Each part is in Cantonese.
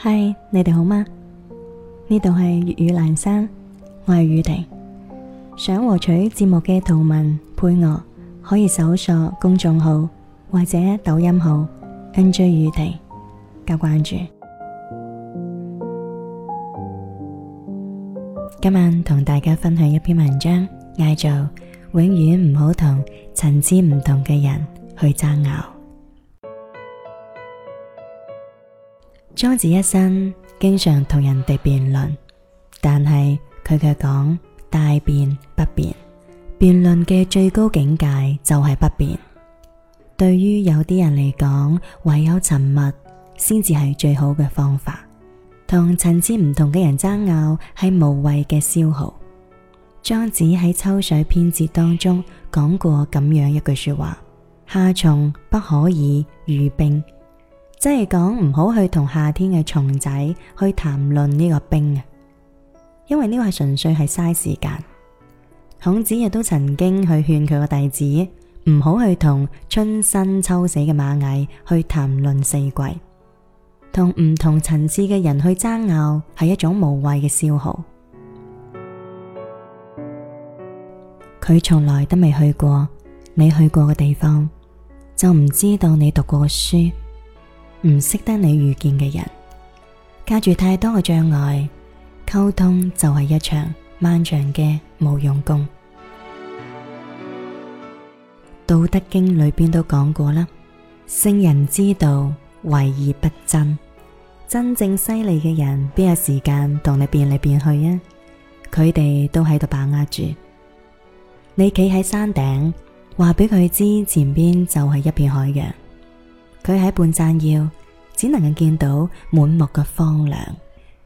嗨，Hi，你哋好嗎？呢度係粵語闌珊，我係宇婷。想獲取節目嘅圖文配樂，可以搜索公眾號或者抖音號 N J 宇婷加關注。今晚同大家分享一篇文章，嗌做永遠唔好同層次唔同嘅人去爭拗。莊子一生經常同人哋辯論，但係佢卻講大辯不辯。辯論嘅最高境界就係不辯。對於有啲人嚟講，唯有沉默先至係最好嘅方法。同層次唔同嘅人爭拗，係無謂嘅消耗。莊子喺《秋水》篇節當中講過咁樣一句說話：夏蟲不可以語冰。即係講，唔好去同夏天嘅蟲仔去談論呢個冰啊，因為呢個係純粹係嘥時間。孔子亦都曾經去勸佢個弟子，唔好去同春生秋死嘅螞蟻去談論四季，同唔同層次嘅人去爭拗係一種無謂嘅消耗。佢從 來都未去過你去過嘅地方，就唔知道你讀過書。唔識得你遇見嘅人，隔住太多嘅障礙，溝通就係一場漫長嘅無用功。 道德經裏邊都講過啦，聖人之道，為而不爭。真正犀利嘅人，邊有時間同你辯嚟辯去啊？佢哋都喺度把握住，你企喺山頂，話俾佢知前邊就係一片海洋。佢喺半山腰，只能夠見到滿目嘅荒涼。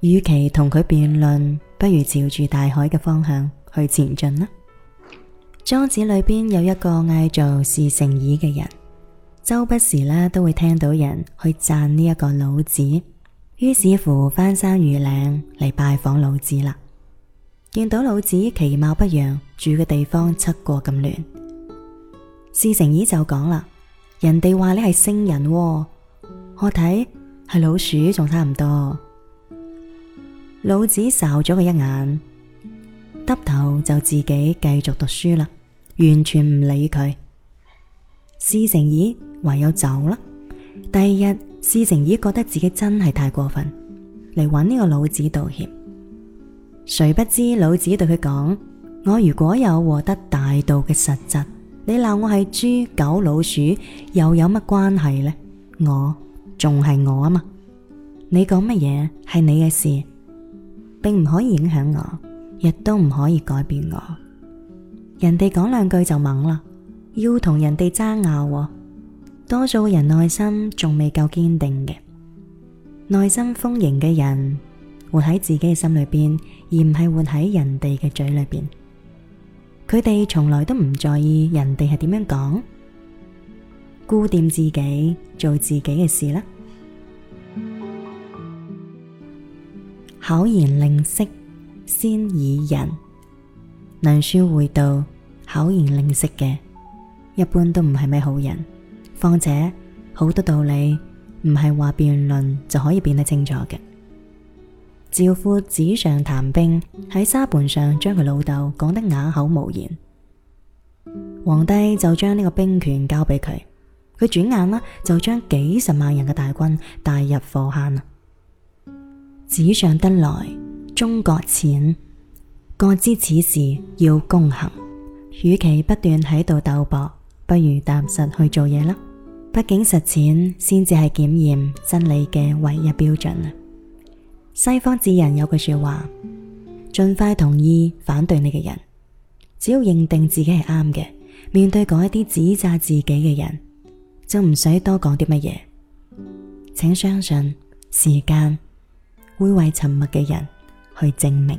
與其同佢辯論，不如朝住大海嘅方向去前進啦。莊子裏邊有一個嗌做士成綺嘅人，周不時呢都會聽到人去讚呢一個老子，於是乎翻山越嶺嚟拜訪老子啦。見到老子其貌不揚，住嘅地方七國咁亂，士成綺就講啦。人哋話你係聖人喎，我睇係老鼠仲差唔多。老子睄咗佢一眼，耷頭就自己繼續讀書啦，完全唔理佢。施成義唯有走啦。第二日，施成義覺得自己真係太過分，嚟搵呢個老子道歉。誰不知老子對佢講：我如果有獲得大道嘅實質。你鬧我係豬狗老鼠，又有乜關係呢？我仲係我啊嘛！你講乜嘢係你嘅事，並唔可以影響我，亦都唔可以改變我。人哋講兩句就猛啦，要同人哋爭拗，多數人內心仲未夠堅定嘅。內心豐盈嘅人，活喺自己嘅心裏邊，而唔係活喺人哋嘅嘴裏邊。佢哋從來都唔在意人哋係點樣講，顧掂自己做自己嘅事啦。巧言令色，先以人。能說會道，巧言令色嘅，一般都唔係咩好人。況且好多道理唔係話辯論就可以變得清楚嘅。趙括紙上談兵，喺沙盤上將佢老豆講得啞口無言。皇帝就將呢個兵權交俾佢，佢轉眼啦就將幾十萬人嘅大軍帶入火坑啦。紙上得來終覺淺，各知此事要躬行。與其不斷喺度鬥博，不如踏實去做嘢啦。畢竟實踐先至係檢驗真理嘅唯一標準啊！西方哲人有句說話：盡快同意反對你嘅人，只要認定自己係啱嘅，面對嗰一啲指責自己嘅人，就唔使多講啲乜嘢。請相信，時間會為沉默嘅人去證明。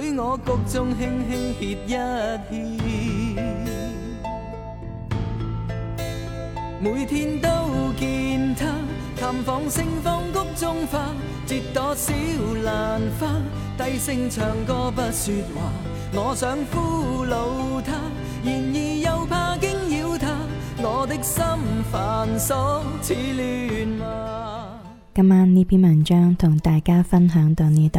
許我谷中輕輕歇一歇，每天都見他探訪盛放谷中花，折朵小蘭花，低聲唱歌不説話。我想俘虜他，然而又怕驚擾他，我的心煩鎖似亂麻。今晚呢篇文章同大家分享到呢度。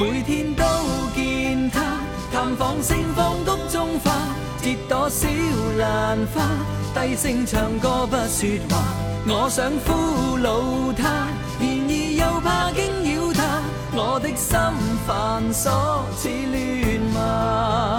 每天都見他探訪盛放谷中花，折朵小蘭花，低聲唱歌不説話。我想俘虜他，然而又怕驚擾他，我的心煩瑣似亂麻。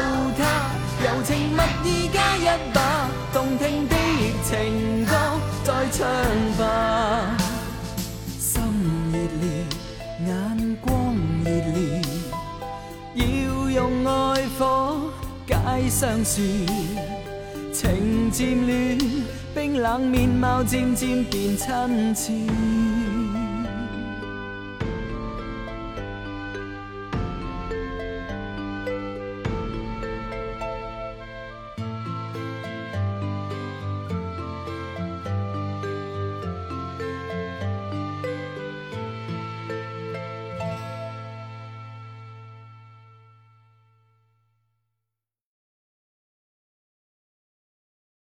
唱吧，心熱烈，眼光熱烈，要用愛火解相思。情漸暖，冰冷面貌漸漸變親切。